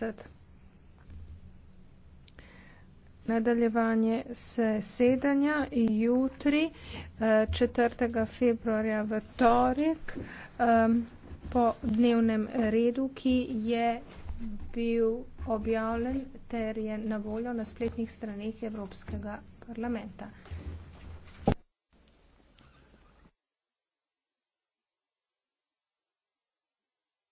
20. Nadaljevanje sedanja jutri, 4. Eh, februarja v torek, ehm, po dnevnem redu, ki je bil objavljen ter je na voljo na spletnih straneh Evropskega parlamenta.